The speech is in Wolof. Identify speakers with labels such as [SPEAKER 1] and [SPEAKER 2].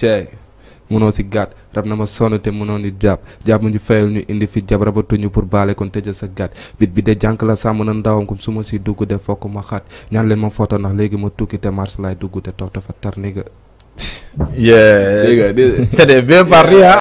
[SPEAKER 1] ceey mënoo si gàtt rab na ma sonn te mënoo nit jàpp jàpp ñu fayal ñu indi fi jab rabatuñu pour baale kon tëjal sa gàtt bit bi de jànk la sàmm na ndawam kom su ma si dugg de fokk ma xat ñaan leen ma foto ndax léegi ma tukki te mars laay dugg te toog dafa tar ni ga
[SPEAKER 2] yeah, c'est des bien